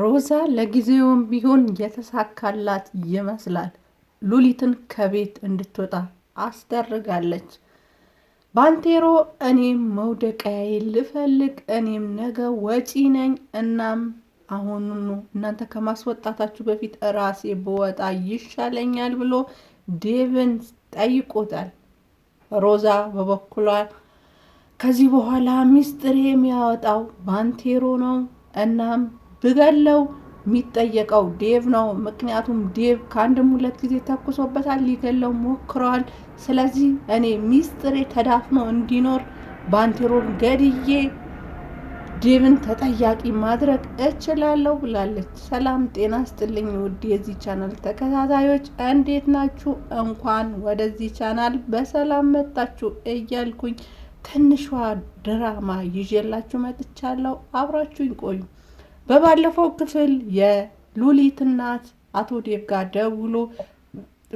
ሮዛ ለጊዜውም ቢሆን የተሳካላት ይመስላል። ሉሊትን ከቤት እንድትወጣ አስደርጋለች። ባንቴሮ እኔም መውደቂያዬ ልፈልግ፣ እኔም ነገ ወጪ ነኝ። እናም አሁኑኑ እናንተ ከማስወጣታችሁ በፊት ራሴ ብወጣ ይሻለኛል ብሎ ዴቭን ጠይቆታል። ሮዛ በበኩሏ ከዚህ በኋላ ሚስጥር የሚያወጣው ባንቴሮ ነው እናም ብገለው የሚጠየቀው ዴቭ ነው። ምክንያቱም ዴቭ ከአንድም ሁለት ጊዜ ተኩሶበታል፣ ሊገለው ሞክረዋል። ስለዚህ እኔ ሚስጥሬ ተዳፍኖ እንዲኖር ባንቴሮን ገድዬ ዴቭን ተጠያቂ ማድረግ እችላለሁ ብላለች። ሰላም ጤና ስጥልኝ ውድ የዚህ ቻናል ተከታታዮች እንዴት ናችሁ? እንኳን ወደዚህ ቻናል በሰላም መጣችሁ እያልኩኝ ትንሿ ድራማ ይዤላችሁ መጥቻለሁ። አብራችሁኝ ቆዩ። በባለፈው ክፍል የሉሊት እናት አቶ ዴቭ ጋር ደውሎ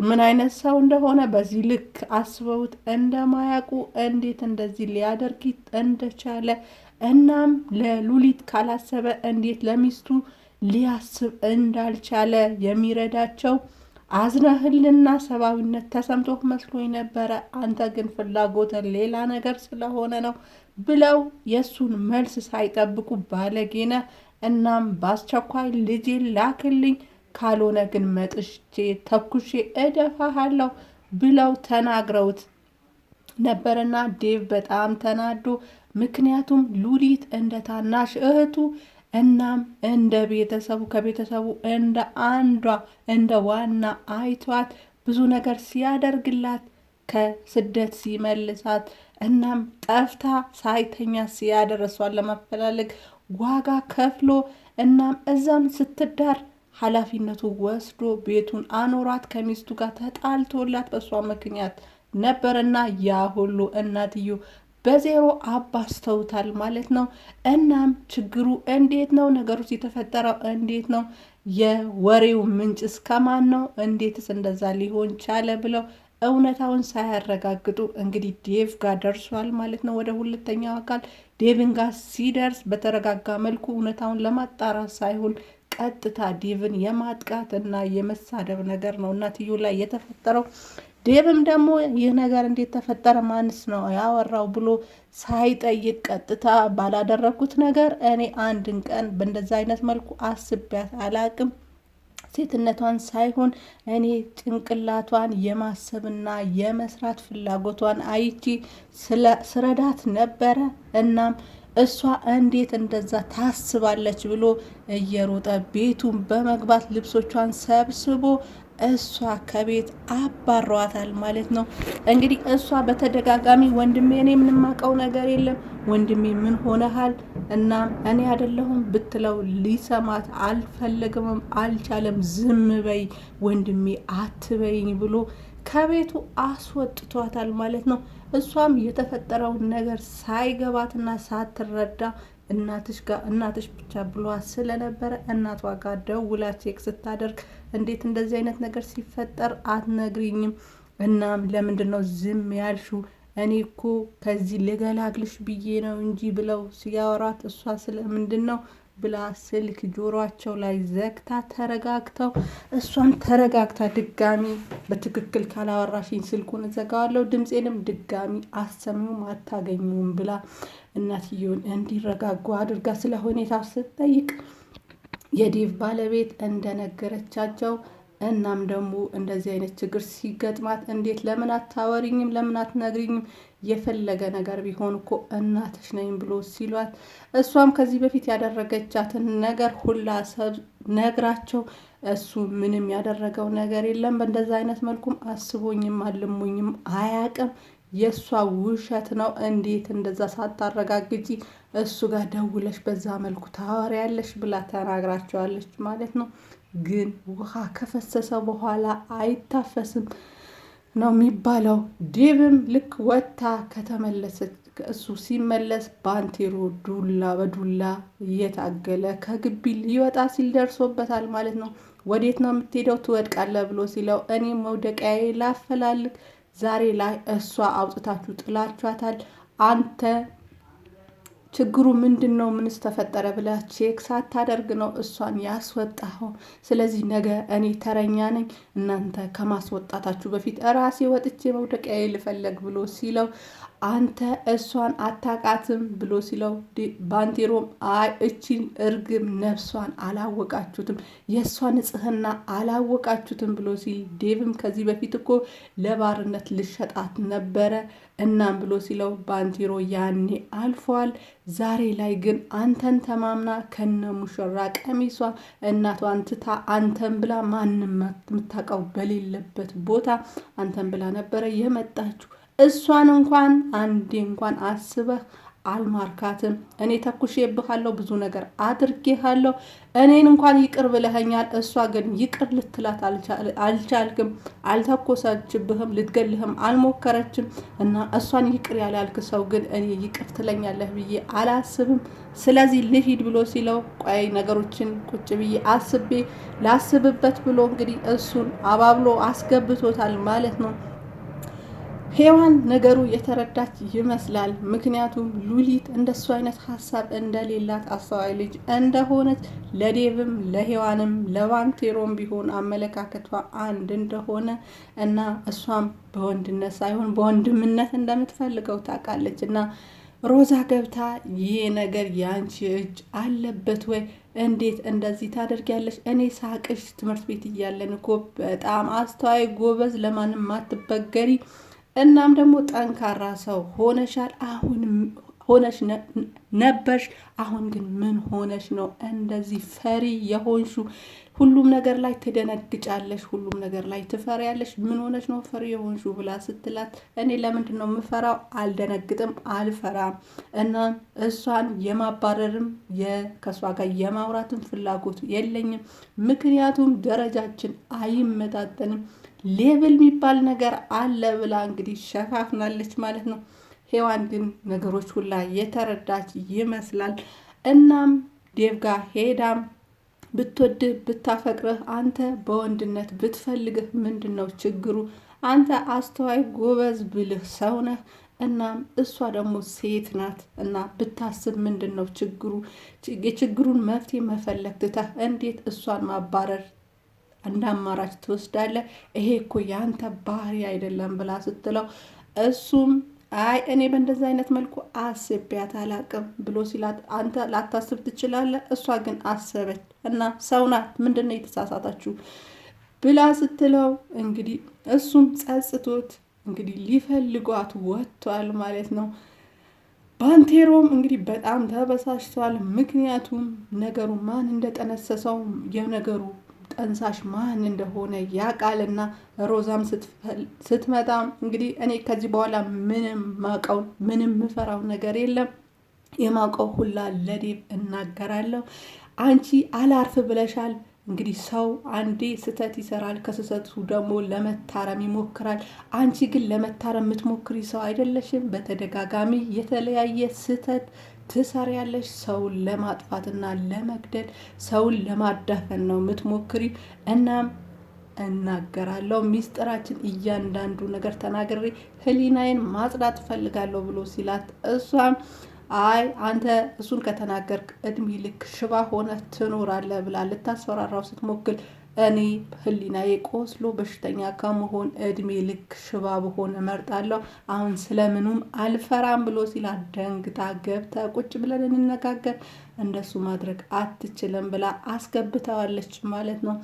ምን አይነት ሰው እንደሆነ በዚህ ልክ አስበውት እንደማያውቁ እንዴት እንደዚህ ሊያደርግ እንደቻለ እናም ለሉሊት ካላሰበ እንዴት ለሚስቱ ሊያስብ እንዳልቻለ የሚረዳቸው አዝነህልና ሰብአዊነት ተሰምቶ መስሎኝ ነበረ፣ አንተ ግን ፍላጎትን ሌላ ነገር ስለሆነ ነው ብለው የእሱን መልስ ሳይጠብቁ ባለጌነ እናም በአስቸኳይ ልጄን ላክልኝ ካልሆነ ግን መጥቼ ተኩሼ እደፋሃለሁ ብለው ተናግረውት ነበርና ዴቭ በጣም ተናዶ ምክንያቱም ሉሊት እንደ ታናሽ እህቱ እናም እንደ ቤተሰቡ ከቤተሰቡ እንደ አንዷ እንደ ዋና አይቷት ብዙ ነገር ሲያደርግላት ከስደት ሲመልሳት እናም ጠፍታ ሳይተኛ ሲያደረሷን ለማፈላለግ ዋጋ ከፍሎ እናም እዛም ስትዳር ኃላፊነቱ ወስዶ ቤቱን አኖራት። ከሚስቱ ጋር ተጣልቶላት በእሷ ምክንያት ነበርና ያ ሁሉ እናትዮ በዜሮ አባስተውታል ማለት ነው። እናም ችግሩ እንዴት ነው? ነገሩስ የተፈጠረው እንዴት ነው? የወሬው ምንጭ እስከማን ነው? እንዴትስ እንደዛ ሊሆን ቻለ? ብለው እውነታውን ሳያረጋግጡ እንግዲህ ዴቭ ጋር ደርሷል ማለት ነው። ወደ ሁለተኛው አካል ዴቭን ጋር ሲደርስ በተረጋጋ መልኩ እውነታውን ለማጣራት ሳይሆን ቀጥታ ዴቭን የማጥቃት እና የመሳደብ ነገር ነው እናትዮ ላይ የተፈጠረው። ዴቭም ደግሞ ይህ ነገር እንዴት ተፈጠረ፣ ማንስ ነው ያወራው ብሎ ሳይጠይቅ ቀጥታ ባላደረግኩት ነገር እኔ አንድን ቀን በእንደዚ አይነት መልኩ አስቤያት አላቅም ሴትነቷን ሳይሆን እኔ ጭንቅላቷን የማሰብና የመስራት ፍላጎቷን አይቺ ስረዳት ነበረ። እናም እሷ እንዴት እንደዛ ታስባለች ብሎ እየሮጠ ቤቱን በመግባት ልብሶቿን ሰብስቦ እሷ ከቤት አባሯታል ማለት ነው። እንግዲህ እሷ በተደጋጋሚ ወንድሜ እኔ የምንማቀው ነገር የለም ወንድሜ ምን ሆነሃል እናም እኔ አይደለሁም ብትለው ሊሰማት አልፈለግምም፣ አልቻለም። ዝም በይ ወንድሜ አትበይኝ ብሎ ከቤቱ አስወጥቷታል ማለት ነው። እሷም የተፈጠረውን ነገር ሳይገባትና ሳትረዳ እናትሽ ጋር እናትሽ ብቻ ብሏት ስለነበረ እናቷ ጋር ደውላ ቼክ ስታደርግ እንዴት እንደዚህ አይነት ነገር ሲፈጠር አትነግሪኝም? እናም ለምንድን ነው ዝም ያልሽው? እኔ እኮ ከዚህ ልገላግልሽ ብዬ ነው እንጂ ብለው ሲያወራት እሷ ስለ ምንድን ነው ብላ ስልክ ጆሯቸው ላይ ዘግታ ተረጋግተው እሷም ተረጋግታ ድጋሚ በትክክል ካላወራሽኝ ስልኩን እዘጋዋለሁ ድምፄንም ድጋሚ አሰሚውም አታገኙም ብላ እናትየውን እንዲረጋጉ አድርጋ ስለ ሁኔታ ስትጠይቅ የዴቭ ባለቤት እንደነገረቻቸው እናም ደግሞ እንደዚህ አይነት ችግር ሲገጥማት እንዴት ለምን አታወሪኝም? ለምን አትነግሪኝም? የፈለገ ነገር ቢሆን እኮ እናትሽ ነኝ ብሎ ሲሏት እሷም ከዚህ በፊት ያደረገቻትን ነገር ሁላ ሰብ ነግራቸው እሱ ምንም ያደረገው ነገር የለም፣ በእንደዚ አይነት መልኩም አስቦኝም አልሞኝም አያቅም የእሷ ውሸት ነው። እንዴት እንደዛ ሳታረጋግጪ እሱ ጋር ደውለሽ በዛ መልኩ ታወሪያለሽ ብላ ተናግራቸዋለች ማለት ነው። ግን ውሃ ከፈሰሰ በኋላ አይታፈስም ነው የሚባለው። ዴብም ልክ ወጥታ ከተመለሰች እሱ ሲመለስ ባንቴሮ ዱላ በዱላ እየታገለ ከግቢ ሊወጣ ሲል ደርሶበታል ማለት ነው። ወዴት ነው የምትሄደው? ትወድቃለህ ብሎ ሲለው እኔ መውደቂያዬ ላፈላልግ ዛሬ ላይ እሷ አውጥታችሁ ጥላችኋታል አንተ ችግሩ ምንድን ነው? ምንስ ተፈጠረ ብለህ ቼክ ሳታደርግ ነው እሷን ያስወጣኸው። ስለዚህ ነገ እኔ ተረኛ ነኝ፣ እናንተ ከማስወጣታችሁ በፊት ራሴ ወጥቼ መውደቂያ ልፈለግ ብሎ ሲለው አንተ እሷን አታቃትም ብሎ ሲለው ባንቴሮም አይ እቺን እርግብ ነፍሷን አላወቃችሁትም፣ የእሷ ንጽህና አላወቃችሁትም ብሎ ሲል ዴቭም ከዚህ በፊት እኮ ለባርነት ልሸጣት ነበረ እናም ብሎ ሲለው ባንቴሮ ያኔ አልፏል። ዛሬ ላይ ግን አንተን ተማምና ከነ ሙሽራ ቀሚሷ እናቷን ትታ አንተን ብላ ማንም የምታውቀው በሌለበት ቦታ አንተን ብላ ነበረ የመጣችሁ እሷን እንኳን አንዴ እንኳን አስበህ አልማርካትም። እኔ ተኩሼብሃለሁ፣ ብዙ ነገር አድርጌሃለሁ። እኔን እንኳን ይቅር ብለኸኛል። እሷ ግን ይቅር ልትላት አልቻልክም፣ አልተኮሰችብህም፣ ልትገልህም አልሞከረችም። እና እሷን ይቅር ያላልክ ሰው ግን እኔ ይቅር ትለኛለህ ብዬ አላስብም፣ ስለዚህ ልሂድ ብሎ ሲለው ቆይ ነገሮችን ቁጭ ብዬ አስቤ ላስብበት ብሎ እንግዲህ እሱን አባብሎ አስገብቶታል ማለት ነው። ሄዋን ነገሩ የተረዳች ይመስላል። ምክንያቱም ሉሊት እንደሱ አይነት ሀሳብ እንደሌላት አስተዋይ ልጅ እንደሆነች ለዴብም ለሄዋንም ለባንቴሮም ቢሆን አመለካከቷ አንድ እንደሆነ እና እሷም በወንድነት ሳይሆን በወንድምነት እንደምትፈልገው ታውቃለች እና ሮዛ ገብታ ይህ ነገር የአንቺ እጅ አለበት ወይ? እንዴት እንደዚህ ታደርጊያለሽ? እኔ ሳቅሽ ትምህርት ቤት እያለን እኮ በጣም አስተዋይ ጎበዝ፣ ለማንም ማትበገሪ እናም ደግሞ ጠንካራ ሰው ሆነሻል። አሁን ሆነሽ ነበርሽ፣ አሁን ግን ምን ሆነሽ ነው እንደዚህ ፈሪ የሆንሹ? ሁሉም ነገር ላይ ትደነግጫለሽ፣ ሁሉም ነገር ላይ ትፈሪያለሽ። ምን ሆነሽ ነው ፈሪ የሆንሹ ብላ ስትላት፣ እኔ ለምንድን ነው የምፈራው? አልደነግጥም፣ አልፈራም። እና እሷን የማባረርም ከእሷ ጋር የማውራትም ፍላጎት የለኝም፣ ምክንያቱም ደረጃችን አይመጣጠንም ሌብል የሚባል ነገር አለ ብላ እንግዲህ ሸፋፍናለች ማለት ነው። ሄዋን ግን ነገሮች ሁላ የተረዳች ይመስላል። እናም ዴቭ ሄዳም ብትወድህ ብታፈቅርህ አንተ በወንድነት ብትፈልግህ ምንድን ነው ችግሩ? አንተ አስተዋይ ጎበዝ ብልህ ሰው ነህ። እናም እሷ ደግሞ ሴት ናት እና ብታስብ ምንድን ነው ችግሩ? የችግሩን መፍትሄ መፈለግ ትተህ እንዴት እሷን ማባረር እንደ አማራጭ ትወስዳለህ። ይሄ እኮ ያንተ ባህሪ አይደለም ብላ ስትለው እሱም አይ እኔ በእንደዚ አይነት መልኩ አስቤያት አላቅም ብሎ ሲላት፣ አንተ ላታስብ ትችላለህ፣ እሷ ግን አሰበች እና ሰው ናት። ምንድን ነው የተሳሳታችሁ ብላ ስትለው እንግዲህ እሱም ጸጽቶት እንግዲህ ሊፈልጓት ወጥቷል ማለት ነው። ባንቴሮም እንግዲህ በጣም ተበሳጭቷል። ምክንያቱም ነገሩ ማን እንደጠነሰሰው የነገሩ ጠንሳሽ ማን እንደሆነ ያውቃልና ሮዛም ስትመጣ እንግዲህ እኔ ከዚህ በኋላ ምንም ማቀው ምንም ምፈራው ነገር የለም የማውቀው ሁላ ለዴብ እናገራለሁ። አንቺ አላርፍ ብለሻል። እንግዲህ ሰው አንዴ ስህተት ይሰራል፣ ከስህተቱ ደግሞ ለመታረም ይሞክራል። አንቺ ግን ለመታረም የምትሞክሪ ሰው አይደለሽም። በተደጋጋሚ የተለያየ ስህተት ትሰሪያለሽ። ሰውን ለማጥፋትና ለመግደል ሰውን ለማዳፈን ነው የምትሞክሪ። እናም እናገራለሁ ሚስጥራችን፣ እያንዳንዱ ነገር ተናግሬ ህሊናዬን ማጽዳት እፈልጋለሁ ብሎ ሲላት እሷም አይ አንተ እሱን ከተናገርክ እድሜ ልክ ሽባ ሆነ ትኖራለህ ብላ ልታስፈራራው ስትሞክል እኔ ህሊናዬ ቆስሎ በሽተኛ ከመሆን እድሜ ልክ ሽባ ብሆን እመርጣለሁ። አሁን ስለምኑም አልፈራም ብሎ ሲላ ደንግታ ገብተ ቁጭ ብለን እንነጋገር እንደሱ ማድረግ አትችልም ብላ አስገብተዋለች ማለት ነው።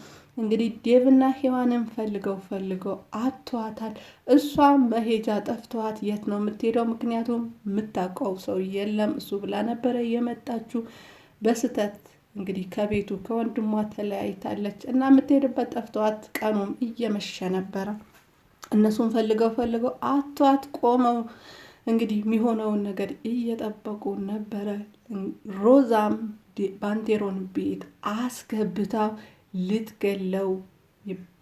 እንግዲህ ዴቭና ሔዋንን ፈልገው ፈልገው አቷታል። እሷ መሄጃ ጠፍተዋት የት ነው የምትሄደው? ምክንያቱም የምታውቀው ሰው የለም። እሱ ብላ ነበረ የመጣችው በስተት እንግዲህ ከቤቱ ከወንድሟ ተለያይታለች እና የምትሄድበት ጠፍተዋት ቀኑም እየመሸ ነበረ። እነሱን ፈልገው ፈልገው አቷት ቆመው እንግዲህ የሚሆነውን ነገር እየጠበቁ ነበረ። ሮዛም ባንቴሮን ቤት አስገብታ ልትገለው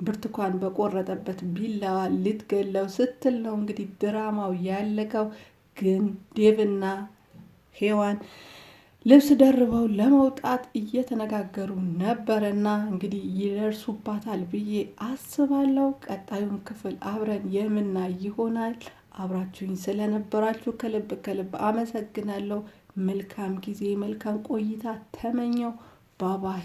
ብርቱካን በቆረጠበት ቢላዋ ልትገለው ስትል ነው እንግዲህ ድራማው ያለቀው። ግን ዴቭና ሄዋን ልብስ ደርበው ለመውጣት እየተነጋገሩ ነበረና እንግዲህ ይደርሱባታል ብዬ አስባለሁ። ቀጣዩን ክፍል አብረን የምናይ ይሆናል። አብራችሁኝ ስለነበራችሁ ከልብ ከልብ አመሰግናለሁ። መልካም ጊዜ፣ መልካም ቆይታ ተመኘው። ባባይ